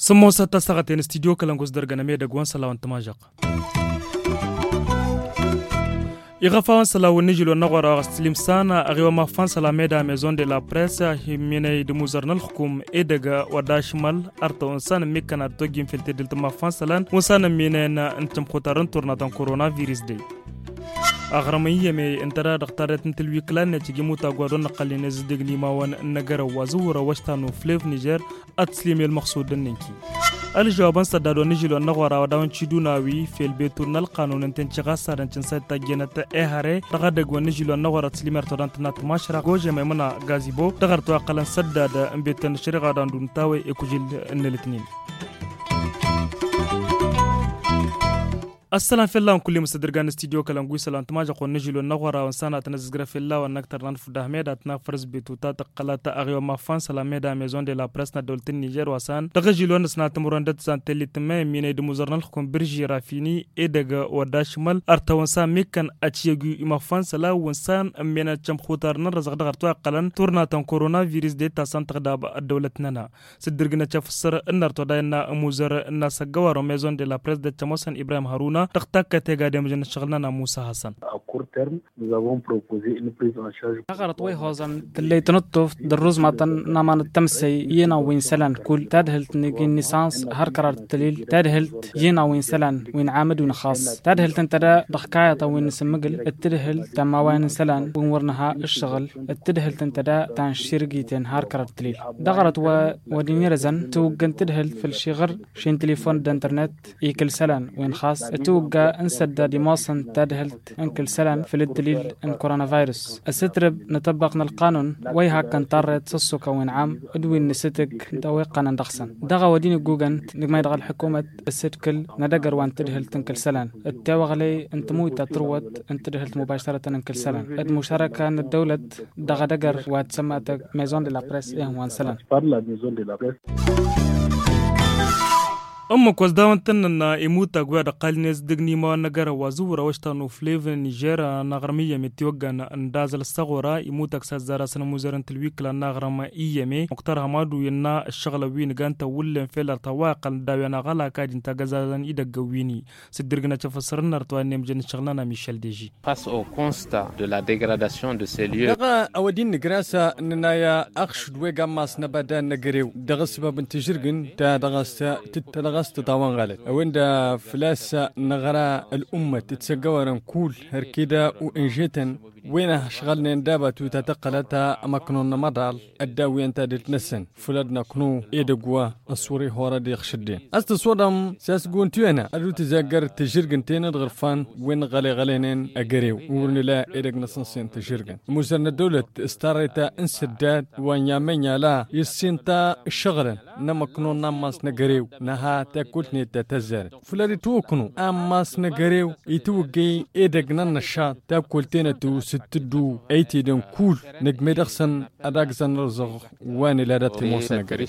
Semua serta sangat ini studio Kalangu sedar ganamia daguan salawan temajak. Ira fa sala woni jilo na gwara slim sana ariwa ma fan sala meda maison de la presse himine de muzarnal hukum e daga wadashmal arta on sana mikana dogim filte dilta ma fan salan on sana mine na ntum khotaran turna tan coronavirus de أغرمية مي انترا دكتورة نتل ويكلان نتيجي موتا غوادون نقل نزدق نيماوان نجر وزورة وشتانو فليف نيجر أتسليم المقصود النينكي الجوابان سدادو نجلو النغورا وداون تشيدوناوي في البيت نال قانون انتن تشغاسا دانتن سيتا جينتا اهاري تغادق ونجلو النغورا تسليمير تودانت نات ماشرا غوجة ميمونا غازيبو تغارتو اقلا سداد انبيتن شرغا داندون تاوي اكوجيل نلتنين السلام في الله كل مستدرجان استديو كلام قوي سلام تماجا قون نجيل النغورة وانسانا تنزغر في الله ونكتر ننف دهميد اتنا فرز بتوتا تقلاتا اغيو مفان سلاميدا ميزون دي لا برسنا دولتين نيجر وسان تغجيل ونسنا تمرون دت سان تلي تمي ميني دموزرنا لكم برجي رافيني ادغ وداشمل ارتا وانسان ميكن اتشيغو مفان سلا وانسان مينا تشم خوتار نرزغ دغرتو اقلن تورنا تن كورونا فيروس دي داينا دي لا برس دت تموسن ابراهيم هارونا تخت کته گادیم جن شغلنا ناموسه حسن. terme, nous avons proposé une prise en charge. غرط وي هوزن اللي تنطف دروز ما نما نتمسي ينا وين سلان كل تدهلت نجين نيسانس هر قرار التليل تدهلت ينا وين سلان وين عامد وين خاص تدهلت انت دا ضحكاية وين نسمقل التدهل تما وين سلان وين ورنها الشغل التدهلت انت دا تان شيرجيتين هر قرار التليل دغرت و وديني رزن توقن تدهلت في الشغر شين تليفون دا انترنت يكل سلان وين خاص توقع انسد دي موصن تدهلت انكل سلان في الدليل إن كورونا فيروس السترب نطبقنا القانون ويها كان طرد سسوكا وين عام ادوي نستك دوي قانون دخسن دغا وديني جوجن نجم يدغى الحكومة السيتكل ندقر وان تدهل تنكل سلان التوغلي انت مويتا تروت انت تدهل مباشرة انكل سلان المشاركة ان الدولة دغا دقر واتسمى ميزون دي لابريس ايه وان سلان أما كوز داون تننا إموتا قويدا قالنيز دقني ما نقرا وزورا وشتانو فليفن نيجيرا نغرمية متيوغانا اندازل الصغورا إموتا كسازارا سنموزارن تلويكلا نغرما إيامي مقتار همادو ينا الشغلة وين غانتا ولن فيلا تواقا داوينا غالا كاجن تاقزازان إيدا قويني سدرقنا تفسرنا رتوان نمجن شغلنا ميشيل ديجي Face au constat de la dégradation de ces lieux دغا أودين نقراسا ننايا أخش دويقا ماس نبادا نقريو دغا سبب انتجرقن تا دغا ستا تتلغا غست طوان غلط وين دا فلاسة نغرا الأمة تتسقورن كل هركدا وإنجتن وين شغلنا ندابة تتقلتا مكنون مدال الداوي انت دلتنسن فلدنا كنو ايدقوا السوري هورا ديخشدين استصودم ساسقون تيانا ادو تزاقر تجرقن تينا الغرفان وين غالي غالينين اقريو ورن لا ايدق نسنسين تجرقن موزرنا دولة استاريتا انسداد وان يامين يالا يسينتا شغلا نمكنون نماس نقريو نها تاكلتني تتزار فلدي توكنو اماس نقريو يتوقي ايدق ننشا تاكلتين توس ستدو ايتي دون كول نجمي درسن اداك زنرزغ وان لا دات موسنغري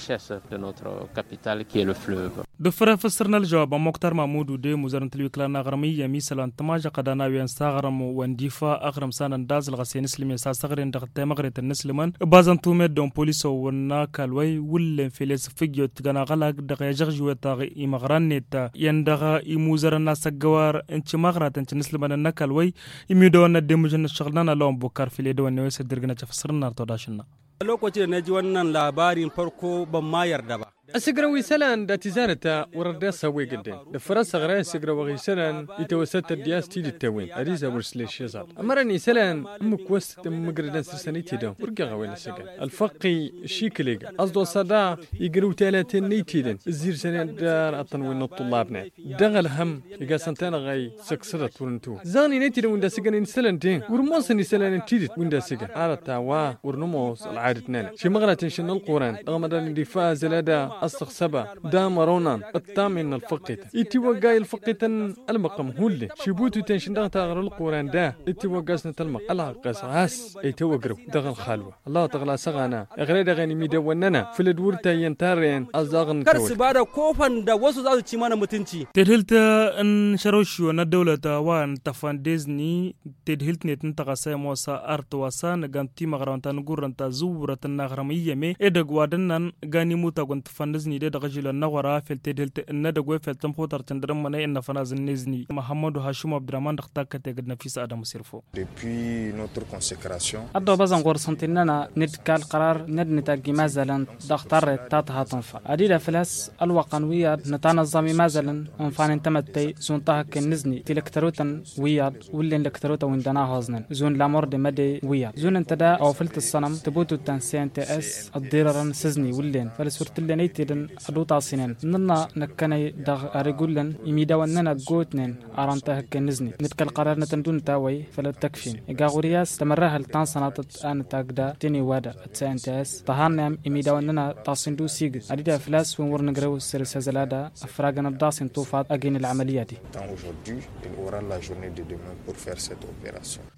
دفرن فسرنا الجواب مختار محمود دي مزرن تلوي كلانا غرمي يمي سلان تماجا قدانا وين ساغرم وان ديفا اغرم سان داز الغسين سلمي سا ساغرين دغت مغريت النسلمن بازن تومي دون بوليس ونا كالوي ولن فيلس فيجيو تغنا غلاك دغ يجرجو تاغ يمغرنيت يندغ يموزرنا سغوار انت مغرات انت نسلمن نكالوي يمي دون ديمجن الشغل nana lawan bukar fili da wani wasu dirgina ta fasirin na to da na lokacin da na ji wannan labarin farko ban ma yarda ba أسجر ويسلان دا تزارتا وردا سوي قدين دفرا صغرا أسجر وغيسلان يتوسط الدياس تيد التوين أريزا ورسليش يزار أمرني سلان أمك وسط مقردان سرساني تيدو ورقا غوي السجر الفقي شيكليق أصدو صدا يقرو تالاتين نيتيدن الزير سنان دار أطنوين الطلابنا دغل هم يقا سنتان غي سكسرت تورنتو زاني نيتيدن وندا سجن إنسلان دين ورموسن إنسلان تيدت وندا سجن عارتا وا ورنموس العادة نالا شي مغلاتين شنو القرآن رغم دان دفاع زلادا السخسبة دام رونان التامن الفقيت إتي وقاي الفقيت المقام هولي شبوت تنشن تغر القران دا إتي وقاس سنة الله قاس عاس إتي وقرو دغل خالوة الله تغلا سغانا أغري دغاني ميدا وننا في الدور تاين تارين أزاغن كرس كرسبارة كوفان دا وسو زازو تيمانا متنشي تدهلتا أن شروشو أن الدولة وان تفان ديزني تدهلت نتن تغسي موسى أرت وسان غانتي مغرانتان غورانتا زورة النغرمية مي إدغوادنن غاني موتا غنتفان نزني دي دغجي لنغورا فلتي دلت إن دغوي فلتم خوتر تندرم من إن فناز نزني محمد هاشم عبد الرحمن دختا كتغد نفيس آدم سيرفو depuis notre consécration أدو بازن غور سنتيننا نت كال قرار ند نتاقي مازالن دختار تات هاتنفا أدي دفلس الوقن وياد نتان الزامي مازالن انفان انتمتي زون تاهك نزني تلكتروتن وياد ولين لكتروتا ويندنا هزنن زون لامور دي مدي وياد زون انتدا أو فلت الصنم تبوتو تنسي انت اس الديرران سزني ولين فلسورت اللي تيدن أدوتا سنين ننا نكني دغ أريقولن إميدا وننا قوتنين أرانتا هكا نزني نتكال قرارنا تندون تاوي فلا تكفين إقا غورياس تمرها لتان سناتت آن تاقدا تيني وادا تسا انتاس طهارنام إميدا وننا تاسندو سيق أديدا فلاس ونور نقرو سير سازلادا أفراغنا داسن توفات أجين العملية دي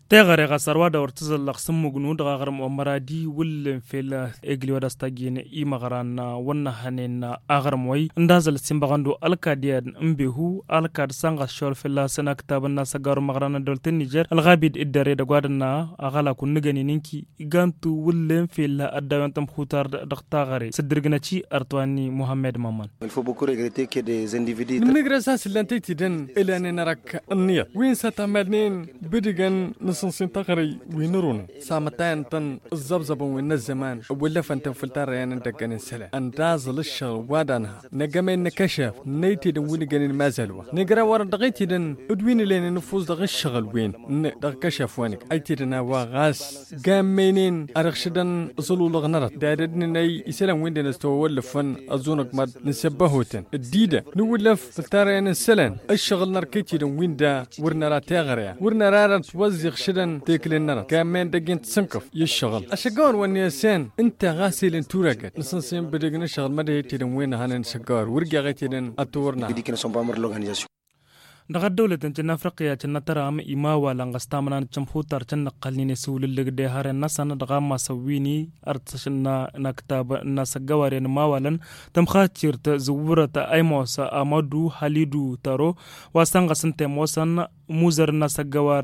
تغري غسروا دا ورتزل لقسم مجنود غرم ومرادي ولن في الإجلي ودستاجين إيمغران ونها hanin agar moy ndazal simbagando alkadiyan mbehu alkad sanga shorfilla sana kitab na sagaru magrana dolte niger alghabid iddare da gwadana agala kunnigani ninki igantu wullen filla addawantam khutar daktagare sidirgna ci artwani mohammed maman il faut beaucoup regretter que des individus migration silantay tidan ilani narak anniya win satamadnin bidigan nasansin taqri winuruna samatayan tan zabzaban winna zaman wala fantan filtar yanan daganin sala andazal zalishan wadana na game na kashaf na ite da wuni ganin mazalwa na gara war da gaiti dan udwini lene na fuz da shagal wen na da kashaf wani aite da na wa gas gamenin arakshidan zululug narat da da din nay isalan wende na sto wallafan azunak mad nisabbahotan dida nu wallaf tare na salan ashagal nar kaiti dan winda wurna ra tagara wurna ra ra twazig shidan teklin narat gamen da gint sankaf yashgal ashagon wani sen inta ghasilin turagat nsansin bidigna shagal made tiden wena hanen sagar wurgiyaga tiden aturna daga dawladan janna afriqiya janna taram imawa langastamanan jamhutar janna qalnine sawliligde hare nasan daga masawini artsashna naktaba nasagawaren mawalan tamkhatirta zuwurata aymosa amadu halidu taro wasanga sante mosan موزر نسجوار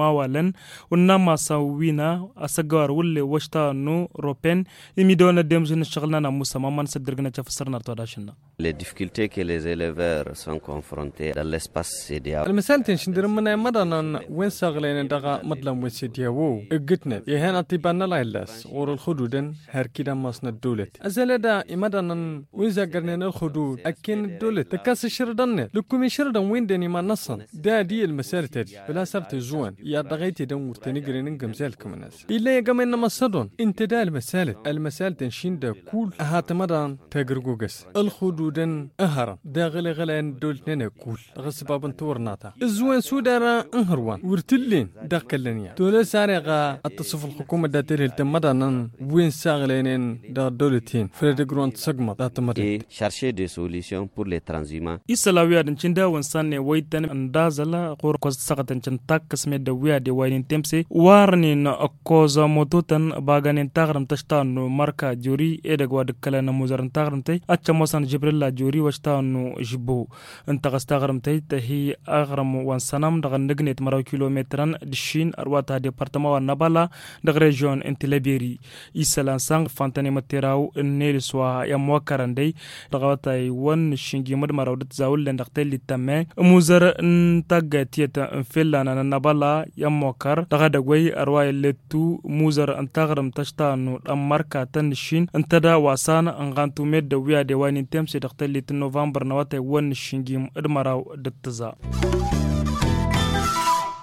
موالن ونما سوينا اسجوار ولي وشتا نو روبين يميدونا ديمزون الشغلنا نموسى مامان صدرنا تفسرنا تواداشنا لي ديفيكولتي كي لي زيليفير سون كونفرونتي دان لاسباس سي دي ا المسان تنشندر من مدن وين شغلين دغا مدلم وين سي دي او اغتنا يهنا لا لاس اور الخدود هر كيدا ماسن الدولت ازلدا مدن وين زغرنا الخدود اكن الدولت تكاس شردن لكم شردن وين دني ما نصن دا المسار المسارتج بلا سبت الزوان يا ضغيتي دم مرتنقرين قمزال الناس إلا يا قمين مصدون انت دا المسالة المسالة تنشين دا كل أهات مدان تقرقو قس الخدود أهرا دا غلا غلا دولتنا كل غصبابا تورناتا الزوان سودارا انهروان ورتلين دا قلنيا دولا سارغا التصف الحكومة دا تلهل تمدانا وين ساغلينين دا دولتين فردقرون تسقمة دا تمدد Et chercher des solutions pour les transhumants. Isalawiya dan cinda wansan ne waitan andazala qorqosa qatanchan takkasme dawiya de wainin temse warnin koza mototan baganin taqram tashtanu marka jori edeg wad kala na muzaran taqramtay acha mosan jibrilla jori washtanu jibu intaqas taqramtay tahi agram wan sanam daga nagnet maraw kilometran dishin arwata departama wa nabala daga region intilaberi isalan sang fantane materaw nel swa ya mwakaranday daga watay wan shingimad maraw dat zawul lendak telitame muzar ntag aga tiyata filana nabala yammokar dagada gwai arwaya letu muzar an antagram tashtanu marka tanishin antada wasana angantumed da wiya da wani temse da ta litin novambar na wata wani shingim idmaraw dattaza.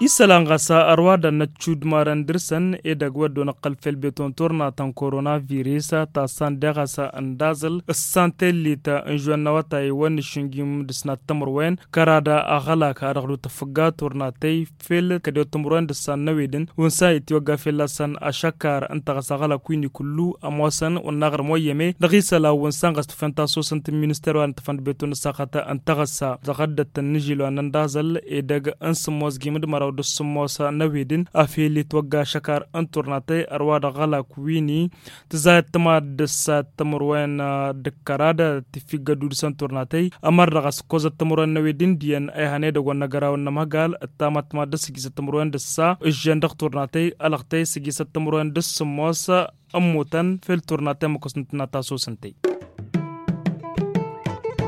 isalan gasa arwada na cudmaran dirsan e dagwa dona qalfel beton torna tan coronavirus ta san de gasa andazal sante lita injuan nawata e wan shingim disna tamrwen karada aghala ka arghlu tafga torna tay fel kade tamrwen disan nawedin wonsa ityo gafela san ashakar anta gasa ghala kuini kullu amwasan on nagar moyeme dagisa la wonsan gas fanta so sant minister wan tfan beton sakata anta gasa zagadda tanjilo anandazal e dag ans mozgimid maraw dusumoosa nawedin afilit waggaa shakaar inturnaatay arwaada qalaa kuwini tizaatamaadesaa tamurween dekaraada tifiga dudisan turnaatay amardaqas koza tamuran nawedin diyan ayahaneedhawanagaraw namhagal tamatmaada sigisa tamurween desa ishendaq turnaatay alaqtay sigisa tamurween dusumoosa amuutan fil turnaatay makosntinataasoosantay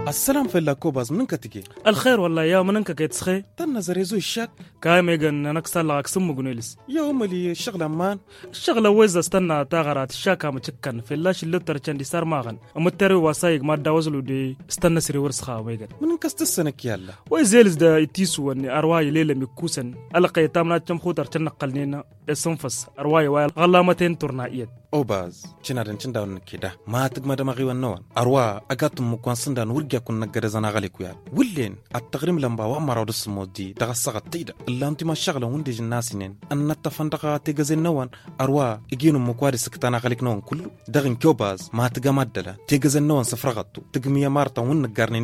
السلام في الله كوباز منك تجي الخير والله يا منك تسخي تنا زريزو الشك كاي ميغن انا كسال لك سمو قنوليس يا امالي الشغلة مان الشغلة ويزا استنى تاغرات الشاكا متشكن في الله شلو ترچان دي سار ماغن امتري واسايق ما داوزلو دي استنى سري ورسخا ميغن منك استسنك الله ويزيلز دا اتيسو اني ارواي ليلة مكوسن القي تامنا تشم ترچان تنقلنينا da sanfas arwaye waya galla maten turna iyat obaz cina den cinda kida ma tagma da arwa agatum mu kwan sundan wurga kun nagada wullen at lamba wa mara da smodi daga sagat tida illa anti ma shagla wunde jinnasinen an natta fandaga te arwa iginu mu kwari kullu dagin kyobaz ma taga maddala te gazin nawan marta wun nagarne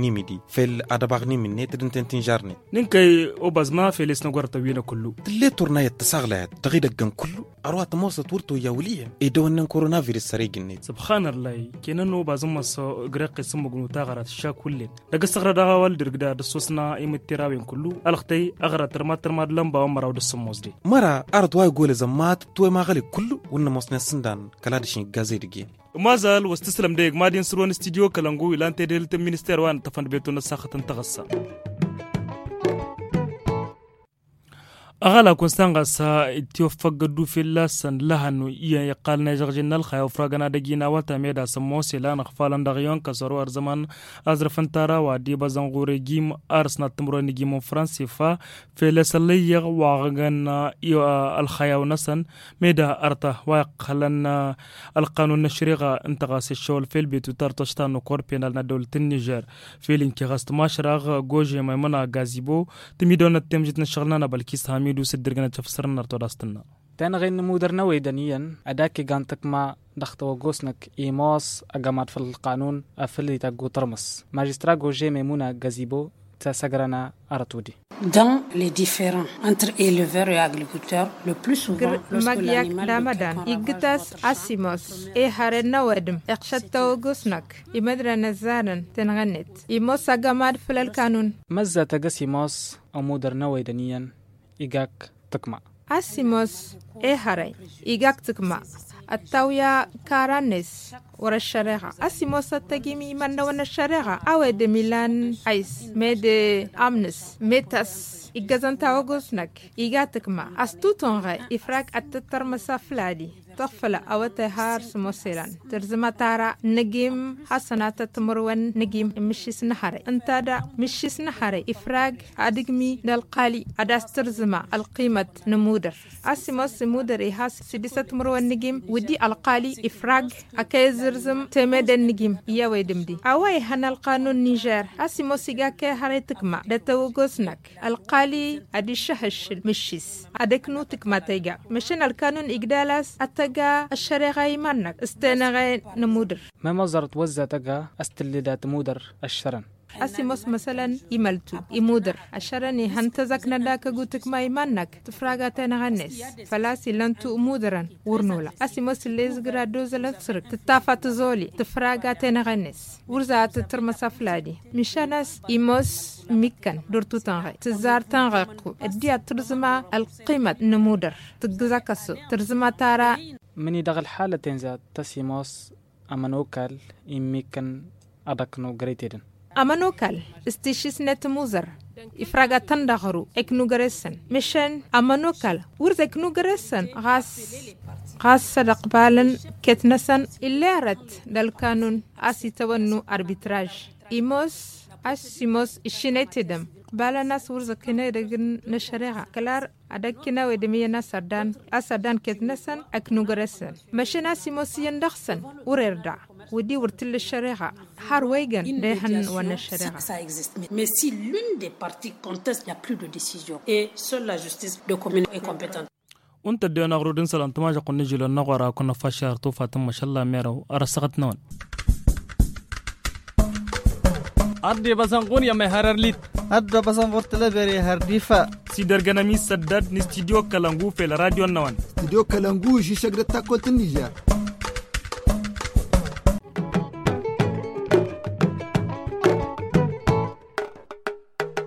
fel adabagni minne tidin tentin jarne ninkay obaz ma felis kullu tille turna yatta sagla daggan kullu arwa ta mosa turto ya wuliya idan wannan coronavirus sare ginne subhanallah kenan no bazum maso graqi sun mugnu ta garat sha kullin daga sagra da wal dirgda da sosna imittirawin kullu alkhtai agra tarma tarma lamba wa maraw da sun mosdi mara ard way gole zammat toy ma gali kullu wannan mosna sindan kala da shin gazai dige mazal wastislam da yagmadin surwan studio kalangu ilante delta minister wa ta fan beto na sakhatan tagassa أغلى كونسانغا سا تيوفق دوفي لسن لهن إيا يقال نجر جنال خيو فراغنا دجينا واتا ميدا سموسي لان خفالان دغيون كسرو أرزمان أزرفن تارا ودي بزنغوري جيم أرسنا تمرو نجيمو فرنسي فا في لسلي واغن إيو الخيو نسن ميدا أرتا ويقلن القانون نشريغا انتغاس الشول في البيتو تارتشتان كوربين لنا دولة في لنكي غاست ماشراغ غوجي ميمنا غازيبو تميدون التمجد نشغلنا بلكيس هامي midu sidirgana chafsarnar to dastna تانا غين مودرنا ويدانيا أداك جانتك ما دخت وجوسنك إيماس أجمعت في القانون أفلي تجو ترمس ماجسترا جوجي ميمونا جازيبو تسجرنا أرتودي Dans les différents entre éleveurs et agriculteurs, le plus souvent, lorsque l'animal Ramadan, Igtas Asimos, et Harena Wedem, Erchatta ogosnak, Imedra Nazaran, tenganet, Imos Agamad Fulal Kanun. Mazza Tagasimos, Amudar Nawedanien, igak tukma asimos e haray igak tukma attawya karanes wara shareha asimos attagimi manna wana shareha awe de milan ais mede amnes metas igazantawagosnak iga tukma astutonre ifrak attatarmasa fladi طفل أو تهار سموسيران ترزمة تارا نجيم حسنات تمرون نجيم مشيس نهاري دا مشيس نهاري إفراج أدقمي نلقالي أداس ترزمة القيمة نمودر أسموس مودر إحاس سدسة تمرون نجيم ودي القالي إفراج أكي زرزم تمد يا إيا ويدمدي أواي هنا القانون نيجر أسموس كي هاري تكما دتوغوسنك القالي أدي شهش مشيس نو تكما تيجا مشان القانون إجدالاس أتا تجا الشرغي منك استنغي نمودر ما مزرت وزة تجا استلدات مودر الشرن asimos masalan imaltu imudar asharani hantazaknada kagutikma imanak tifragatenaganes falas ilantu umudaran wurnola asimos lesgradozalatsirik titafatizoli tifragatenaganes wurza titirmasafladi mishanas imos mikan dortutangai tizartanqaqu addiya tirzima alqimat numudar tigzakaso tirzima tara مني دغل حالة تنزا تسيموس أمنوكال إمي كان أدكنو غريتيدن amanokal istishisnet muzar ifragatan daqaru eknugaresan mishan amanokal wurs eknugaresan qas qasa daqbalan ketnasan ilerat dalkanun asitawanu arbitraj imos asimos ishinetidam bala nas wurza kina dagin na shari'a kalar adakina wedemiya na sardan asadan ketnasan aknugaresan mashana simosiyan daqsan urerda ودي ورت للشريعة حار ويجن دهن وانا الشريعة Mais si l'une des parties conteste, il n'y a plus de décision. Et seule la justice de commune est compétente. unta deona rudin salan tumaja kunni jilo nagora kuna fashar tu fatim mashallah mero arasagat non adde basan kun ya harar lit adda basan vortela bere har difa si darganami saddad ni studio kalangu fel radio nawan studio kalangu shi shagda takotin nijar